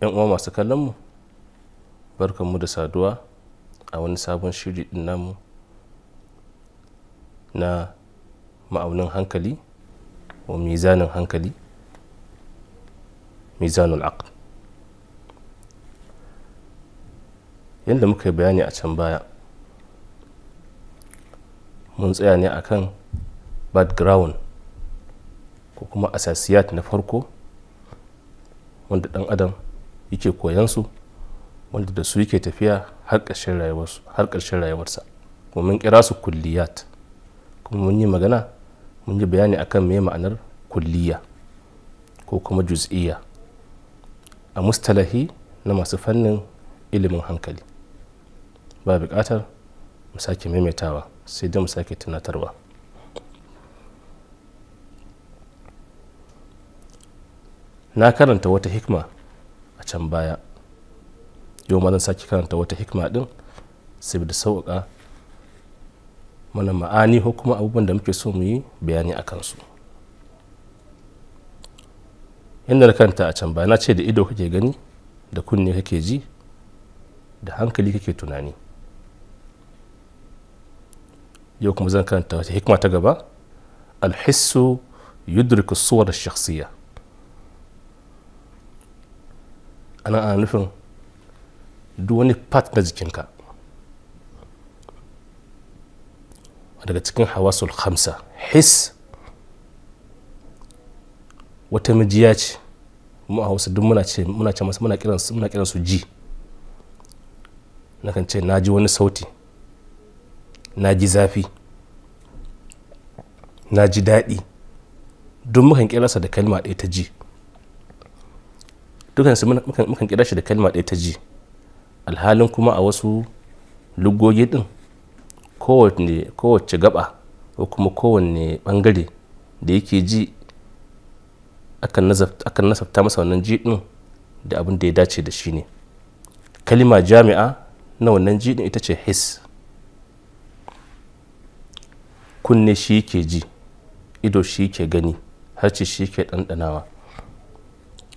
'yan uwa masu kallonmu barkanmu da saduwa a wani sabon shiri din namu na ma'aunin hankali ko mizanin hankali mizanul aql yadda muka yi bayani a can baya mun tsaya ne a kan background ko kuma asasiyat na farko wanda dan adam yake su wanda da su yake tafiya har ƙarshen rayuwarsa mun kira su kulliyat kuma mun yi magana mun yi bayani akan me ma'anar kulliya ko kuma juz'iyya a mustalahi na masu fannin ilimin hankali ba buƙatar mu sake maimaitawa sai dai mu sake tunatarwa na karanta wata hikma a can baya yau ma zan sake karanta wata hikima din saboda da sauƙa mana ma'ani ko kuma abubuwan da muke so mu yi bayani a kansu yadda da karanta a can baya na ce da ido kake gani da kunne kake ji da hankali kake tunani yau kuma zan karanta wata hikima ta gaba alhissu yudriku suwar shakhsiyya ana nufin duk wani part na jikinka daga cikin hawasul hamsa his wata mijiya ce mu a hausa duk muna ce muna muna ji nakan ce na ji wani sauti na ji zafi na ji daɗi duk mukan kirasa da kalma ɗaya ta ji dukansu mukan kira shi da kalma ɗaya ta ji alhalin kuma a wasu lugogi ɗin kowace gaba ko kuma kowanne ɓangare da yake ji akan nasabta masa wannan ji ɗin da abin da ya dace da shi ne kalima jami'a na wannan ji ɗin ita ce his kunne shi ke ji ido shi ke gani harce shi ke ɗanɗanawa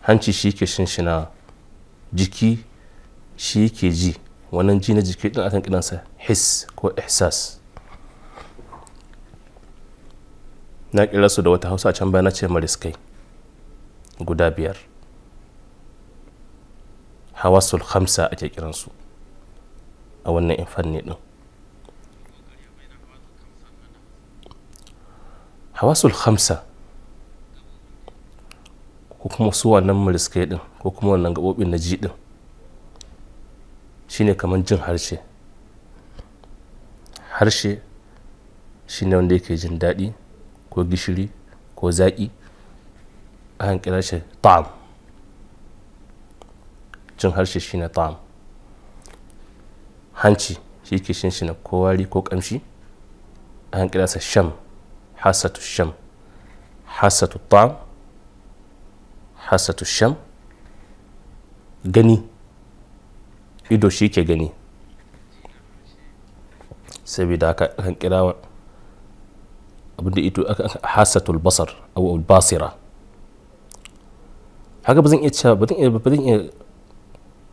hanci shi ke shinshina jiki shi ke ji wannan ji na jiki din akan kiransa his ko ihsas na kira su da wata hausa a can baya na ce mariskai guda biyar hawasul hamsa ake kiransu a wannan fanni din hawasul hamsa ko kuma su wannan muriskai din ko kuma wannan gabobin na ji din shine kamar jin harshe harshe shine wanda yake jin daɗi ko gishiri ko zaƙi a kira shi ta'am jin harshe shine ta'am hanci shi ke shinshina ko wari ko ƙamshi a kira sa sham hasatu sham hasatu ta'am hasatu sham gani ido shi ke gani saboda aka kan kira abinda ido hasatul basar abu basira haka ba zan iya cewa ba zan iya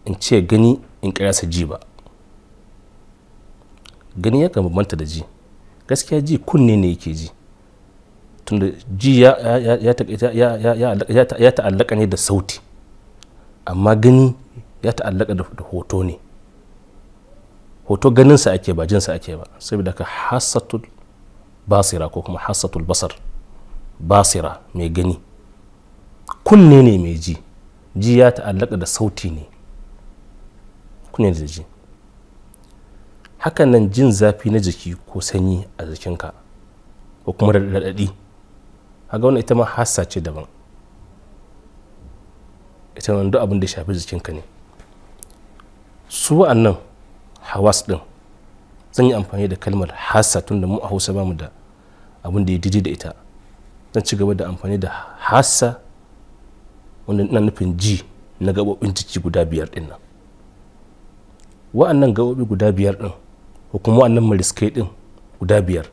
in ce gani in kira sa ji ba gani ya kan bambanta da ji gaskiya ji kunne ne yake ji tunda ji ya ta'allaka ne da sauti amma gani ya ta'allaka da hoto ne hoto ganinsa ake ba jinsa ake ba saboda ka hasatul basira ko kuma hasatul basar basira mai gani kunne ne mai ji ji ya ta'allaka da sauti ne kunne da ji hakan nan jin zafi na jiki ko sanyi a jikinka ko kuma raɗaɗi a ga wani ita ma hassa ce daban ita ma duk abin da shafi jikinka ne su wa'annan hawas din zan yi amfani da kalmar hasa tun da mu a hausa bamu da abin da ya didi da ita zan ci gaba da amfani da hasa wanda ina nufin ji na gaɓoɓin jiki guda biyar din nan wa'annan gabobi guda biyar din ko kuma wa'annan mariskai din guda biyar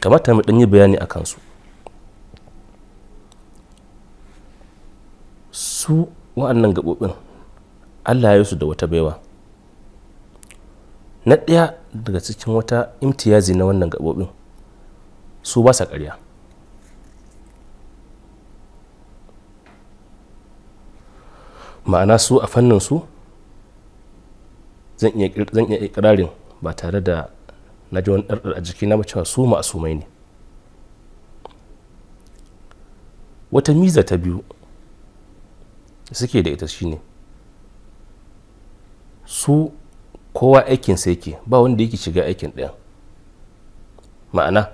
kamata mu ɗanyi bayani a kansu su wa'annan gaɓoɓin allah ya su da wata baiwa na ɗaya daga cikin wata imtiyazi na wannan gaɓoɓin su ba sa ƙarya ma'ana su a fannin su zan iya ikirarin ba tare da na ji wani ɗarɗar a jikina ba cewa su ma'asumai ne wata miza ta biyu da suke da ita shine su kowa aikinsa yake ba wanda yake shiga aikin ɗaya ma'ana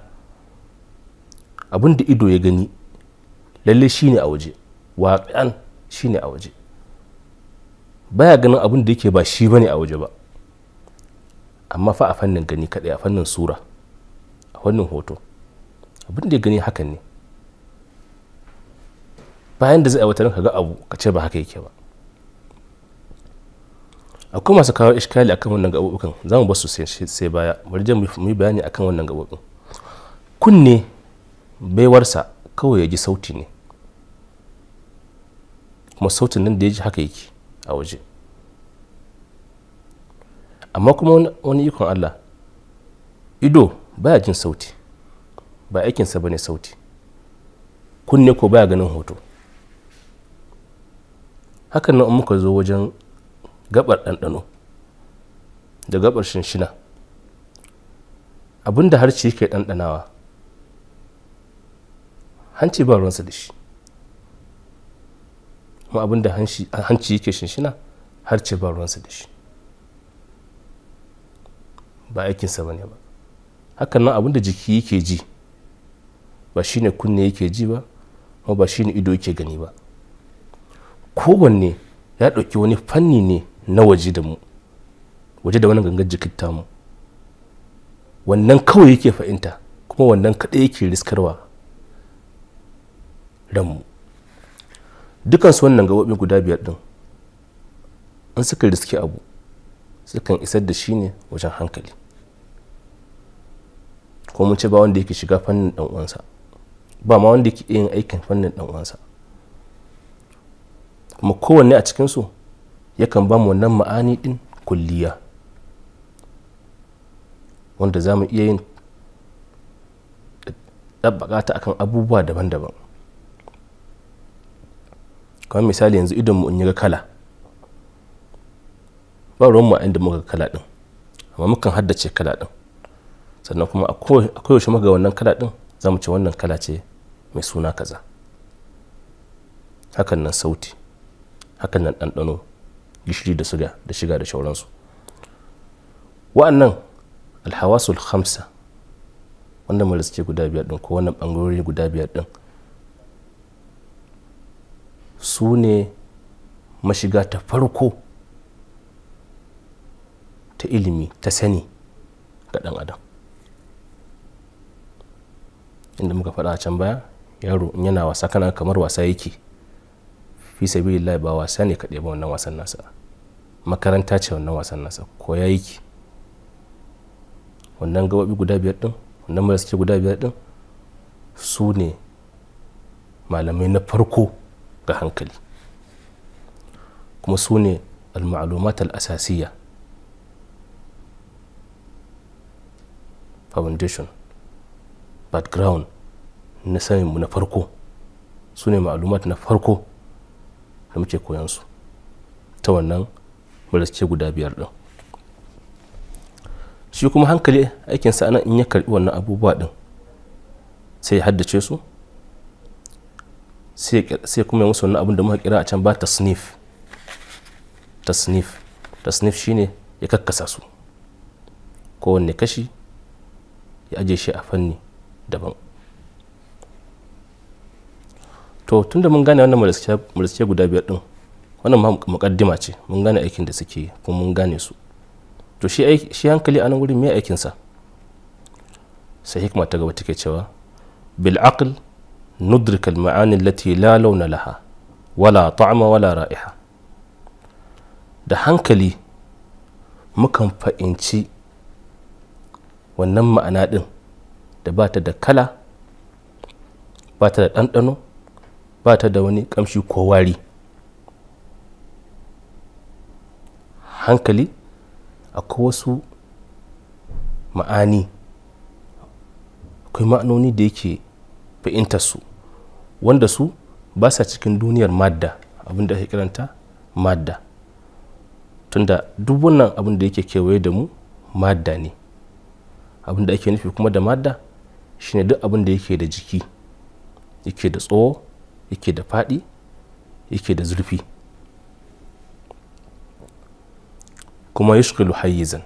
abin ido ya gani lalle shine a waje waƙan shine a waje baya ganin abin da yake ba shi ne a waje ba amma fa a fannin gani kaɗai a fannin sura a fannin hoto abin da ya gani hakan ne bayan da zai aiwatar ka ga abu ka ce ba haka yake ba akwai masu kawo iskali akan wannan gabobin za mu basu sai baya bari mu yi bayani akan wannan gabobin kunne baiwarsa kawai ya ji sauti ne kuma sautin nan da ya ji haka yake a waje amma kuma wani ikon allah ido baya jin sauti ba aikinsa ba ne sauti kunne ko baya ganin hoto hakan nan muka zo wajen gabar ɗanɗano da gabar shinshina abin da harci yake ɗanɗanawa hanci ba ruwansa da shi kuma abin da hanci yake shinshina harci ba ruwansa da shi ba aikinsa ba ne ba hakan nan abin da jiki yake ji ba shine kunne yake ji ba kuma ba shine ido yake gani ba kowanne ya ɗauki wani fanni ne na waje da mu waje da wani gangar jikin mu wannan kawai yake fahimta kuma wannan kaɗai yake riskarwa ranmu dukansu wannan gaɓoɓi guda biyar ɗin in suka riski abu sukan isar da shi ne wajen hankali ko mun ce ba wanda yake shiga fannin ɗan'uwansa ba ma wanda yake yin aikin fannin ɗan'uwansa. kuma kowanne a cikinsu yakan ba mu wannan ma'ani din kulliya wanda za mu iya yin ɗabbaƙa ta akan abubuwa daban-daban kamar misali yanzu idonmu in yi ga kala ba ruwanmu a inda muka kala ɗin amma mukan haddace kala ɗin sannan kuma a koyaushe muka ga wannan kala ɗin za mu ce wannan kala ce mai suna kaza hakan nan sauti hakan nan ɗanɗano gishiri da suga da shiga da shauransu wa'annan alhawasul hamsa wanda suke guda biyar ɗin ko wannan ɓangarori guda biyar ɗin su ne mashiga ta farko ta ilimi ta sani ga ɗan adam inda muka faɗa a can baya yaro in yana wasa kana kamar wasa yake fi sabilillahi ba wasa ne kaɗai ba wannan wasan nasa makaranta ce wannan wasan nasa ko ya yi ki wannan gababi guda biyar din wannan suke guda biyar din su ne malamai na farko ga hankali kuma su ne al maalumat al-asasiyya foundation background na mu na farko su ne ma'alumat na farko da muke koyan su ta wannan wadace guda biyar din shi kuma hankali aikinsa anan in ya karbi wannan abubuwa din sai ya haddace su sai kuma ya musu wannan abin da muka kira a can ba ta snif ta snif shi shine ya kakkasa su kowanne kashi ya aje shi a fanni daban to tunda mun gane wannan muriske guda biyar din wannan ma ce mun gane aikin da suke kuma mun gane su to shi hankali a nan wurin me aikinsa sai hikma ta gaba take cewa bil aql ندرك المعاني التي la launa laha wala ta'ama wala ra'iha da hankali mukan fa'inci wannan ma'ana ɗin da ba ta da kala ba ta da ɗanɗano ba ta da wani kamshi ko wari hankali akwai wasu ma'ani akwai ma'anoni da yake fahimtar su wanda su ba sa cikin duniyar madda abinda ake kiranta madda tunda duk wannan abin da yake kewaye da mu madda ne abin da ake nufi kuma da madda shine duk abin da yake da jiki yake da tsoho yake da faɗi yake da zurfi kuma yushkilu hayyizan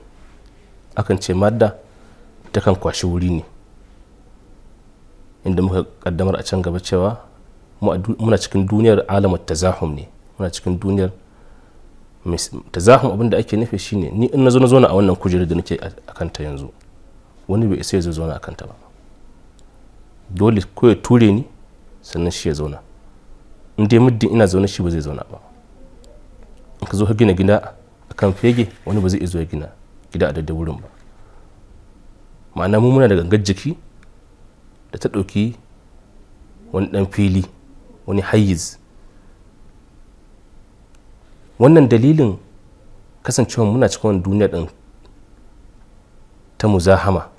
akan ce madda kan kwashi wuri ne inda muka kaddamar a can gaba cewa muna cikin duniyar alamar tazahum ne muna cikin duniyar tazahum abin da ake nufi shine ni in na zo a wannan kujerar da nake a kanta yanzu wani bai isa ya zo zauna a kanta ba dole ko ya ture ni sannan shi ya zauna in dai muddin ina zaune shi ba zai zauna ba in ka zo ka gina gida a kan fege wani ba zai zo ya gina gida a daidai wurin ba ma'ana mu muna da gangar jiki da ta ɗauki wani ɗan fili wani hayiz wannan dalilin kasancewa muna cikin wani duniya ɗin ta muzahama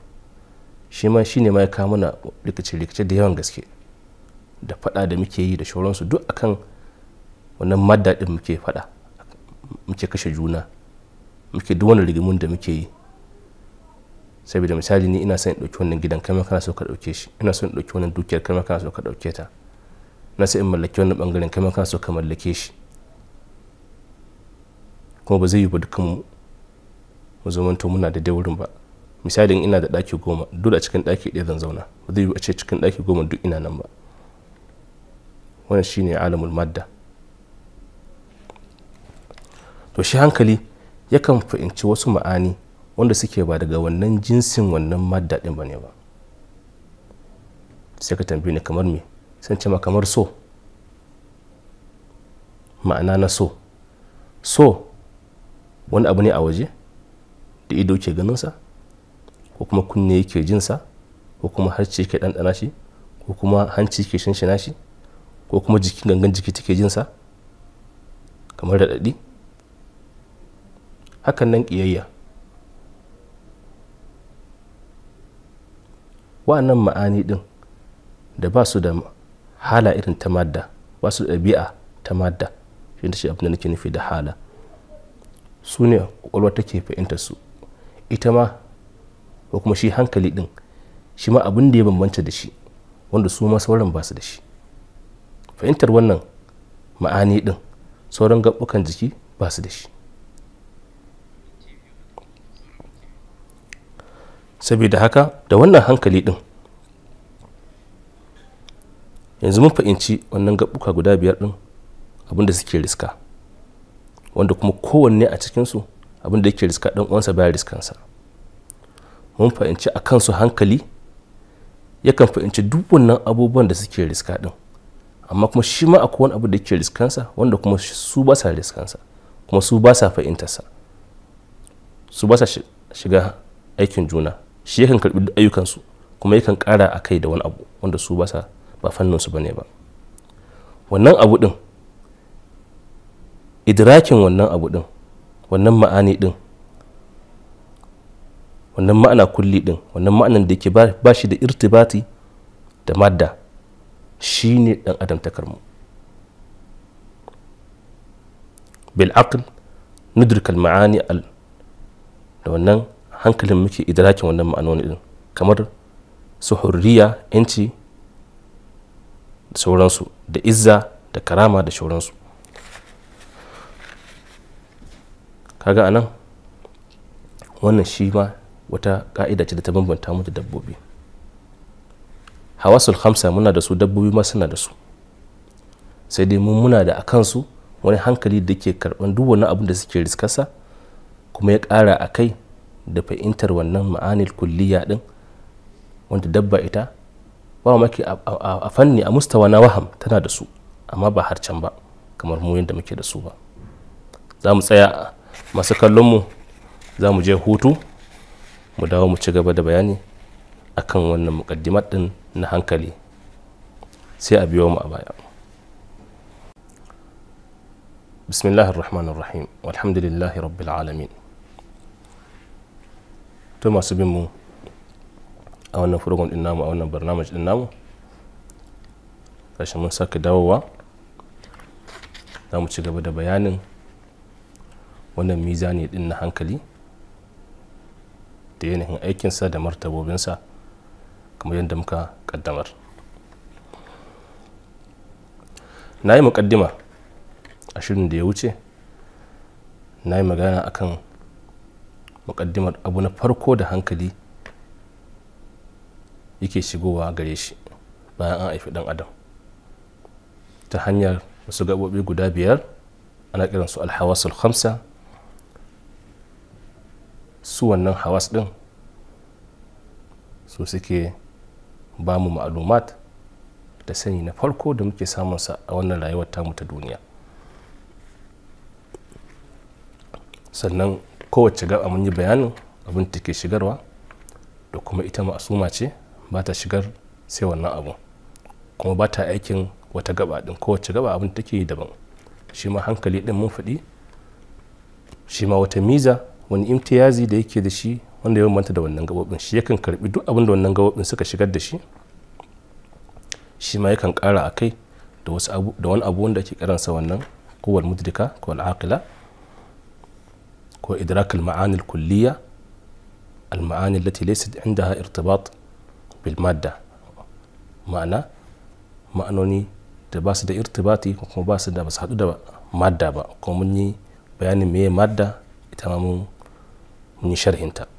shi ma shi ne ma ya kawo mana rikice-rikice da yawan gaske da fada da muke yi da shauransu duk akan wannan madda din muke fada muke kashe juna muke duk wani rigimun da muke yi saboda misali ni ina son in ɗauki wannan gidan kai kana so ka ɗauke shi ina son in ɗauki wannan dukiyar kai kana so ka ɗauke ta na sai in mallaki wannan bangaren kai kana so ka mallake shi kuma ba zai yi ba dukkan mu zamanto muna da dai wurin ba misalin ina da daki goma duk a cikin daki ɗaya zan zauna ba zai yi a ce cikin daki goma duk ina nan ba wannan shine alamul madda to shi hankali yakan fahimci wasu ma'ani wanda suke ba daga wannan jinsin wannan madda ɗin ba ne ba sai ka tambaye ni kamar me san ce kamar so ma'ana na so so wani abu ne a waje da ido ke ganinsa ko kuma kunne yake jinsa ko kuma harci ke ɗanɗana shi ko kuma hanci ke shinshina shi ko kuma jikin gangan jiki take jinsa kamar raɗaɗi hakan nan ƙiyayya wa'annan ma'ani ɗin da ba su da hala irin ta madda ba su da ɗabi'a ta madda shi shi abin da nake nufi da hala su ne kwakwalwa take fahimta su ita ma ko kuma shi hankali ɗin shi ma abin da ya bambanta da shi wanda su ma sauran ba su da shi fahimtar wannan ma'ani ɗin sauran gaɓɓukan jiki ba su da shi saboda haka da wannan hankali ɗin yanzu mun fahimci wannan gaɓɓuka guda biyar ɗin abinda suke riska wanda kuma kowanne a cikinsu abinda yake riska ɗan uwansa baya riskansa mun fahimci a kansu hankali yakan fahimci duk wannan abubuwan da suke riska ɗin amma kuma shi ma akwai wani abu da yake riskansa wanda kuma su ba sa riskansa kuma su ba sa fahimtarsa su ba sa shiga aikin juna shi yakan karbi ayyukansu kuma yakan kara a kai da wani abu wanda su ba sa ba fanninsu ba ne ba wannan abu din idrakin wannan abu din wannan ma'ani din wannan ma'ana kulli din wannan ma'anan da yake ba shi da irtibati da madda shi ne ɗan adamtakarmu bil'aql nudrikal ma'ani al da wannan hankalin muke idrakin wannan ma'anoni din kamar su hurriya yanci da sauransu da izza da karama da sauransu kaga anan wannan shi ma wata ka'ida ce da ta bambanta mu da dabbobi hawasul hamsa muna da su dabbobi ma suna da su sai dai mun muna da a kansu wani hankali da ke karban duk wani abin da suke riskarsa kuma ya kara a kai da fahimtar wannan ma'anil kulliya ɗin wanda dabba ita ba maki a fanni a mustawa na waham tana da su amma ba har can ba kamar mu yadda muke da su ba za mu tsaya masu kallonmu za mu je hutu mu dawo mu ci gaba da bayani akan wannan mukaddimat din na hankali sai a biyo mu a baya bismillahir rahmanir rahim walhamdulillahi rabbil alamin to masu bin mu a wannan furgon din namu a wannan barnamaj din namu kashi mun sake dawowa za mu ci gaba da bayanin wannan mizani din na hankali da yanayin aikinsa da martabobinsa kamar yadda muka kaddamar na yi mukaddima a shirin da ya wuce na yi magana akan mukaddimar abu na farko da hankali yake shigowa gare shi bayan an haifi dan adam ta hanyar wasu gaɓoɓi guda biyar ana kiransu alhawasul khamsa su wannan hawas din su suke ba mu ma'alumat da sani na farko da muke samunsa a wannan rayuwar tamu ta duniya sannan kowace gaba mun yi bayanin abin da ke shigarwa da kuma ita ma'asuma ce ba ta shigar sai wannan abu kuma ba ta aikin wata gaba din kowace gaba abin take yi daban shi ma hankali din mun faɗi shi ma wata miza wani imtiyazi da yake da shi wanda ya manta da wannan gabobin shi yakan karbi duk abin da wannan gabobin suka shigar da shi shi ma yakan kara akai da wasu abu da wani abu wanda ake karansa wannan kowal mudrika ko al aqila ko idrak al-ma'ani al-kulliya al-ma'ani allati laysat indaha irtibat bil madda ma'ana ma'anoni da ba su da irtibati ko kuma ba su da ba su hadu da madda ba kuma mun yi bayanin meye madda ita ma mun yi sharhinta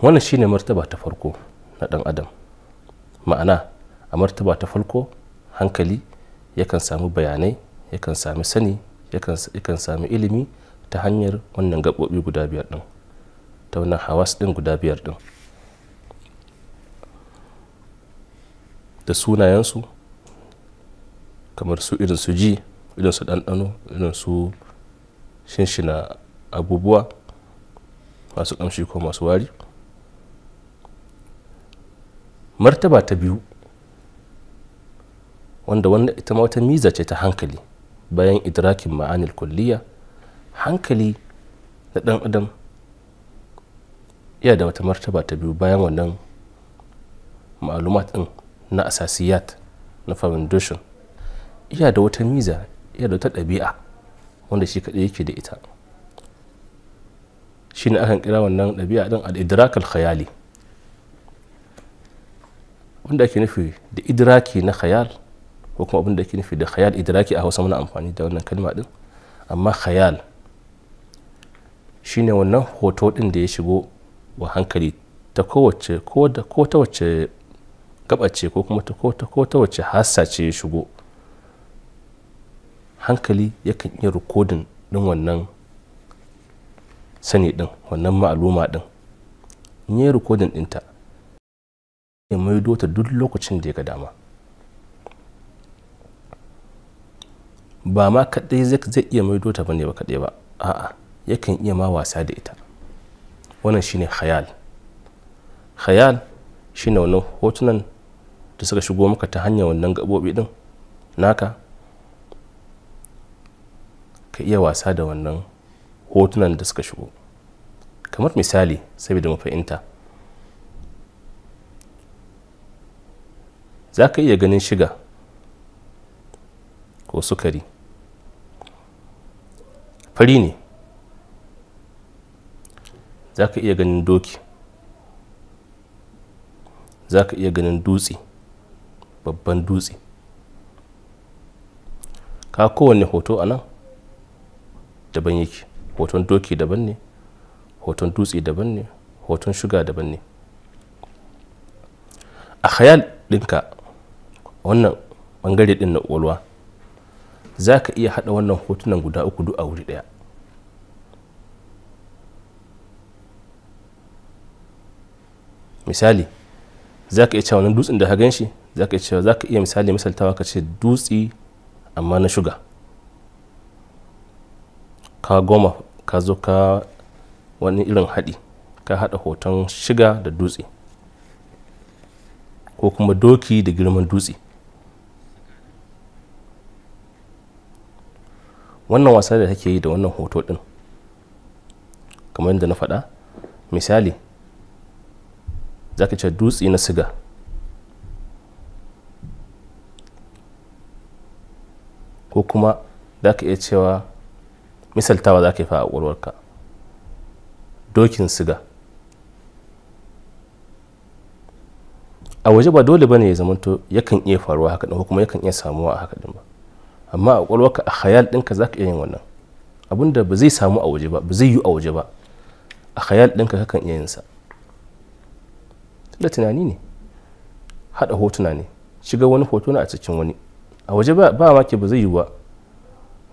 wannan shine martaba ta farko na dan adam ma'ana a martaba ta farko hankali yakan sami bayanai yakan sami sani yakan sami ilimi ta hanyar wannan gaɓoɓi guda biyar ɗin ta wannan hawas ɗin guda biyar ɗin da sunayensu kamar su irin su ji irin su ɗanɗano irin su shinshina abubuwa masu ƙamshi ko masu wari martaba ta biyu wanda wannan ita ma wata miza ce ta hankali bayan idrakin ma'anil kulliya hankali na dan adam ya da wata martaba ta biyu bayan wannan malumat din na asasiyat na foundation iya da wata miza iya da wata ɗabi'a wanda shi kaɗai yake da ita shi ne akan kira wannan ɗabi'a ɗin al-idrakal khayali wanda ake nufi da idraki na khayal ko kuma abin da ake nufi da khayal idraki a hausa muna amfani da wannan kalma din amma khayal shine wannan hoto din da ya shigo wa hankali ta kowace ko ta wace gabace ko kuma ta ko ta wace hassa ce ya shigo hankali yakan iya rikodin din wannan sani din wannan ma'aluma din in yi rikodin dinta ya maido ta duk lokacin da ya ga dama ba ma kaɗai zai iya maido ta bane ba kaɗai ba a'a yakan iya ma wasa da ita wannan shine khayal khayal shine wannan hotunan da suka shigo maka ta hanyar wannan gabobi ɗin naka ka iya wasa da wannan hotunan da suka shigo kamar misali saboda mafahimta za ka iya ganin shiga ko sukari fari ne za ka iya ganin doki za ka iya ganin dutse babban dutse ka kowane hoto a nan daban yake hoton doki daban ne hoton dutse daban ne hoton shuga daban ne a khayal ɗinka wannan bangare din na kwalwa za ka iya hada wannan hotunan guda uku duk a wuri daya misali za ka iya cewa wannan dutsen da ka gan shi za ka iya cewa za ka iya misali misaltawa ka ce dutse amma na shuga ka goma ka zo ka wani irin hadi ka hada hoton shiga da dutse ko kuma doki da girman dutse wannan wasa da take yi da wannan hoto din kamar yadda na faɗa misali za ka ce dutse na siga ko kuma za ka iya cewa misaltawa za ka yi fa a ƙwarwarka dokin siga a waje ba dole bane ya zamanto yakan iya faruwa haka ko kuma yakan iya samuwa a haka ba amma a ka a khayal dinka za ka iya yin wannan abin da ba zai samu a waje ba ba zai yi a waje ba a khayal ka kakan iya yin sa da tunani ne hada hotuna ne shiga wani hoto na a cikin wani a waje ba ma ke ba zai yi ba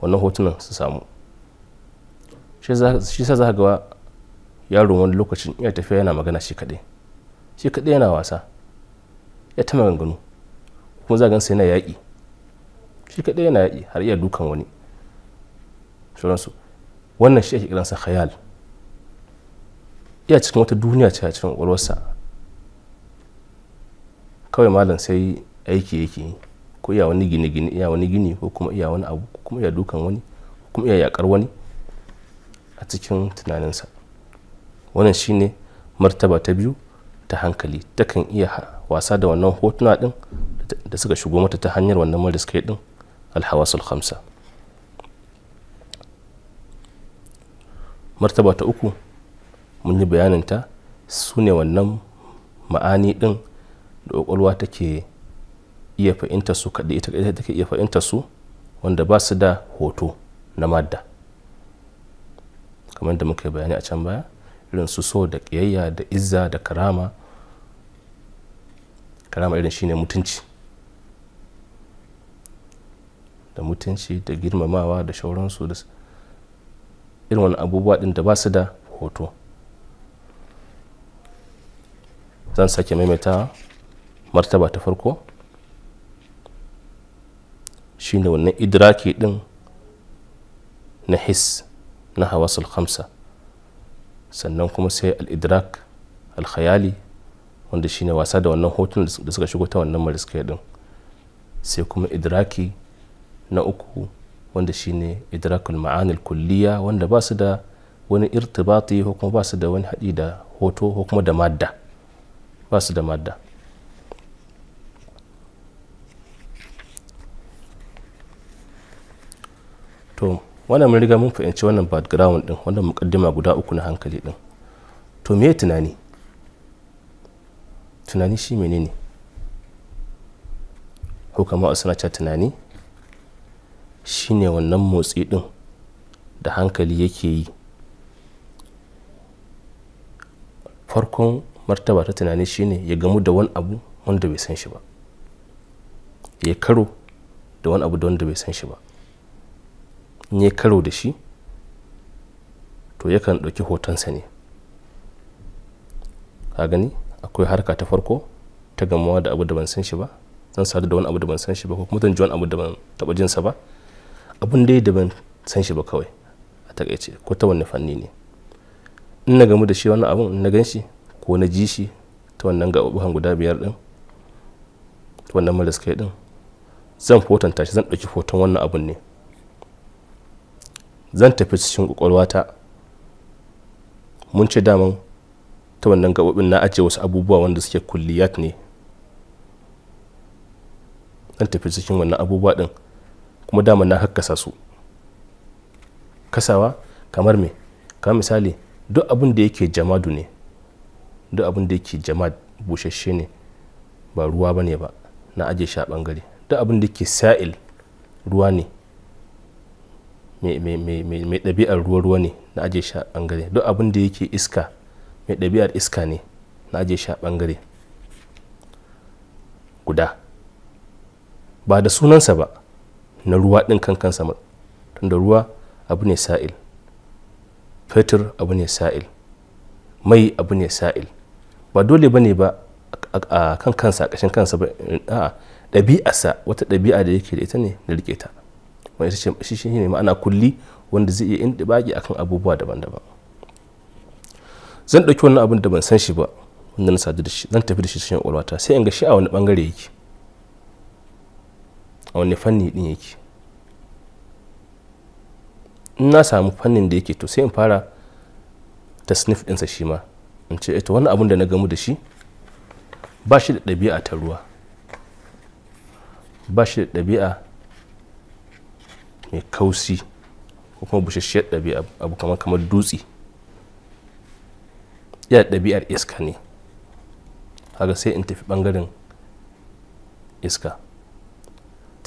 wannan hotunan su samu shi sa za ga yaron wani lokacin iya tafiya yana magana shi kaɗai shi kaɗai yana wasa ya ta maganganu kuma za sai na yaƙi shi kaɗai yana har iya dukan wani shuransu wannan shi ake kiransa khayal iya cikin wata duniya ce a cikin ƙwarwarsa kawai malam sai aiki yake yi ko iya wani gine-gine iya wani gini ko kuma iya wani abu ko kuma iya dukan wani ko kuma iya yakar wani a cikin tunaninsa wannan shine martaba ta biyu ta hankali takan iya wasa da wannan hotuna din da suka shigo mata ta hanyar wannan mara din الحواس الخمسة martaba ta uku mun yi bayaninta su ne wannan ma'ani ɗin da ƙwaƙwalwa take iya kaɗai ita kaɗai iya fahimta su wanda ba su da hoto na madda kamar da muka bayani a can baya irin su so da ƙiyayya da izza da karama karama irin shine mutunci da mutunci da girmamawa da shauransu da irin wani abubuwa ɗin da ba su da hoto zan sake maimaita martaba ta farko shine wannan idraki ɗin na his na hawasul khamsa sannan kuma sai al-idrak al-khayali wanda shine wasa da wannan hoton da suka shigo ta wannan mariska din sai kuma idraki na uku wanda shine idrakul ma'anil kulliya wanda ba su da wani irtibati ko kuma ba su da wani haɗi da hoto ko kuma da madda ba su da madda to wannan mun riga mun fahimci wannan background din wannan mukaddima guda uku na hankali din to me tunani tunani shi menene hukama suna tunani shine wannan motsi din da hankali yake yi farkon martaba ta tunani shine ya gamu da wani abu wanda bai san shi ba ya karo da wani abu da wanda bai san shi ba in ya karo da shi to yakan ɗauki hotonsa ne ka gani akwai harka ta farko ta gamawa da abu da ban san shi ba zan sadu da wani abu da ban san shi ba ko kuma zan ji wani abu da ban taɓa jinsa ba abun dai da ban san shi ba kawai a takaice ko ta wani fanni ne in na gamu da shi wannan abun na gan shi ko na ji shi ta wannan gaɓuɓɓukan guda biyar ɗin ta wannan maras kai ɗin zan fotonta shi zan ɗauki foton wannan abun ne zan tafi cikin ƙwaƙwalwa ta mun ce daman ta wannan gaɓoɓin na ajiye wasu abubuwa wanda suke kulliyat ne zan tafi cikin wannan abubuwa ɗin kuma dama na hakkasa su kasawa kamar me kamar misali duk abin da yake jamadu ne duk abin da yake jamad bushashe ne ba ruwa ba ne ba na aje shi a bangare duk abin da yake sa'il ruwa ne mai ɗabi'ar ruwa ruwa ne na aje shi a bangare duk abin da yake iska mai ɗabi'ar iska ne na aje shi a bangare guda ba da sunansa ba na ruwa ɗin kan sama tunda ruwa abu ne sa'il fetur abu ne sa'il mai abu ne sa'il ba dole ba ne ba a kan kansa a ƙashin kansa ba a ɗabi'arsa wata ɗabi'a da yake da ita ne na riƙe ta wani shi shi ne ma'ana kulli wanda zai iya a akan abubuwa daban-daban zan ɗauki wannan abin da ban san shi ba wanda na sadu da shi zan tafi da shi cikin sai in ga shi a wani ɓangare yake a wani fanni din yake in na samu fannin da yake to sai in fara ta sniff ɗinsa shi ma in ce eto eh, wani abun da na gamu da shi ba shi da ɗabi'a ta ruwa ba shi da ɗabi'a mai kausi ko kuma bushashiyar ɗabi'a abu kamar kamar dutse ya ɗabi'ar iska ne haka sai in tafi ɓangaren iska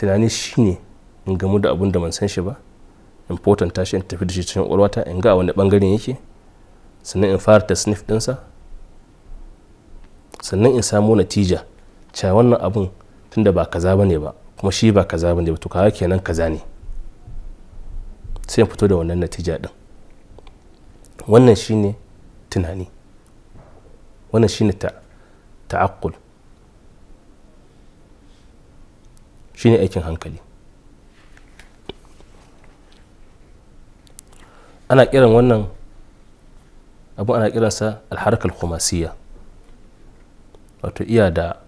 tunani shine in gamu da abun da ban san shi ba important tashi in tafi da shi cikin ƙwarwata in ga wani bangare yake sannan in fara ta sniff sa sannan in samo natija cewa wannan abun tunda ba kaza bane ba kuma shi ba kaza bane ba to kaga kenan kaza ne sai in fito da wannan natija din wannan shine tunani wannan shine ta'aqqul shine aikin hankali ana kiran wannan abu ana kiransa alharkar kumasiya wato iya da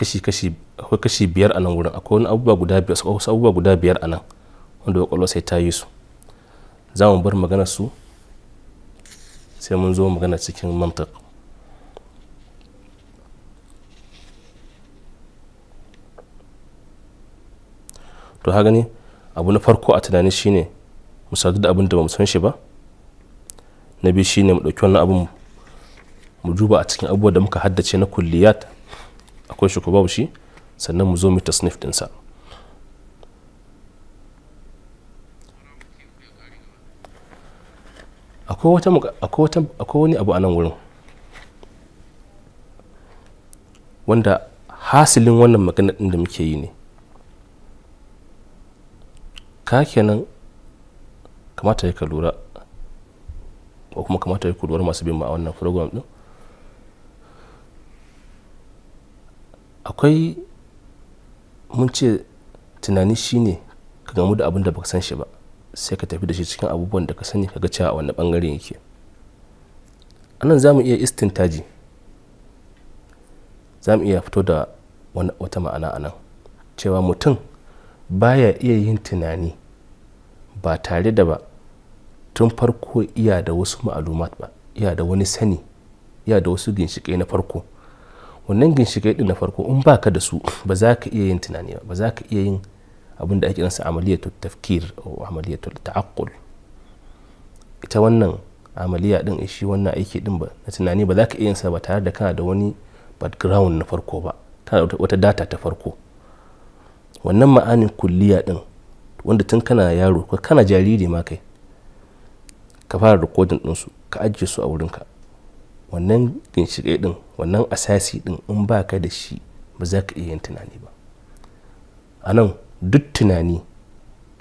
kashi-kashi akwai kashi biyar a nan wurin akwai wani abubuwa guda biyar wasu abubuwa guda biyar a nan wanda kwakwalwa sai ta yi su za mu bar magana su sai mun zo magana cikin mantaka to ha gani abu na farko a tunani shine mu sadu da abin da bamu san shi ba na biyu shine mu ɗauki wannan abin mu duba a cikin abubuwa da muka haddace na kulliyat akwai shi ko babu shi sannan mu zo mu tasnif sa akwai wani abu a nan wurin wanda hasilin wannan magana din da muke yi ne ka kenan kamata ya ka ko kuma kamata ya ku masu bin a wannan program din akwai mun ce tunani shine ka gamu da abin da baka san shi ba sai ka tafi da shi cikin abubuwan da ka sani ka ga cewa a wani bangare yake anan za mu iya istintaji za mu iya fito da wata ma'ana anan cewa mutum baya iya yin tunani ba tare da ba tun farko iya da wasu ma'alumat ba iya da wani sani iya da wasu ginshiƙai na farko wannan ginshiƙai ɗin na farko in ba ka da su ba za ka iya yin tunani ba za ka iya yin abin da ake kiransa amaliyatul tafkir ko amaliyatul ta'akul ita wannan amaliya din eh, shi wannan aiki din ba na tunani ba za ka iya yin sa ba tare da kana da wani background na farko ba tana wata data ta farko wannan ma'anin kulliya din wanda tun kana yaro ko kana jariri ma kai ka fara rikodin ɗinsu ka ajiye su a wurinka wannan ginshiƙe ɗin wannan asasi ɗin in ba ka da shi ba za ka iya yin tunani ba a nan duk tunani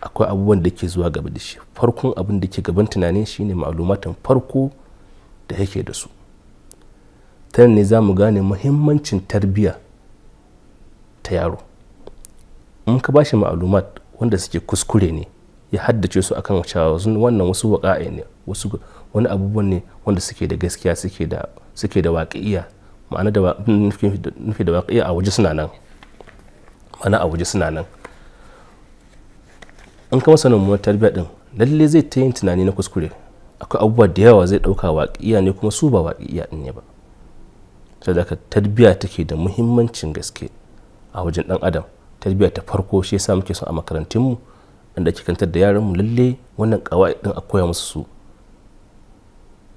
akwai abubuwan da ke zuwa gaba da shi farkon abin da ke gaban tunanin shine ma'alumatan farko da yake da su ta ne za mu gane muhimmancin tarbiyya ta yaro in ka bashi ma'alumat wanda suke kuskure ne ya haddace su akan cewa wannan wasu waƙa'i ne wasu wani abubuwan ne wanda suke da gaskiya suke da suke da waƙi'iya ma'ana da nufi da waƙi'iya a waje suna nan ma'ana a waje suna nan in ka masa mummunar tarbiyya din lalle zai ta yin tunani na kuskure akwai abubuwa da yawa zai ɗauka waƙi'iya ne kuma su ba waƙi'iya din ne ba saboda tarbiyya take da muhimmancin gaske a wajen ɗan adam tarbiyya ta farko shi yasa muke son a makarantunmu inda ake kantar da yaranmu lalle wannan kawai din a koya musu su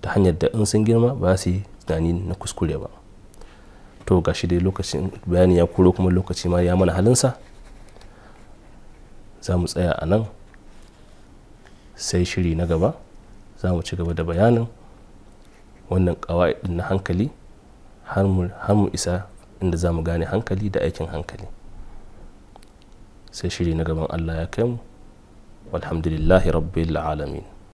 ta hanyar da in sun girma ba su yi tunani na kuskure ba to ga shi dai lokacin bayani ya kuro kuma lokaci ma ya mana halinsa za mu tsaya a nan sai shiri na gaba za mu ci gaba da bayanin wannan kawai na hankali har mu isa inda za mu gane hankali da aikin hankali sai shiri na gaban allah ya kai mu walhamdulillahi rabbil alamin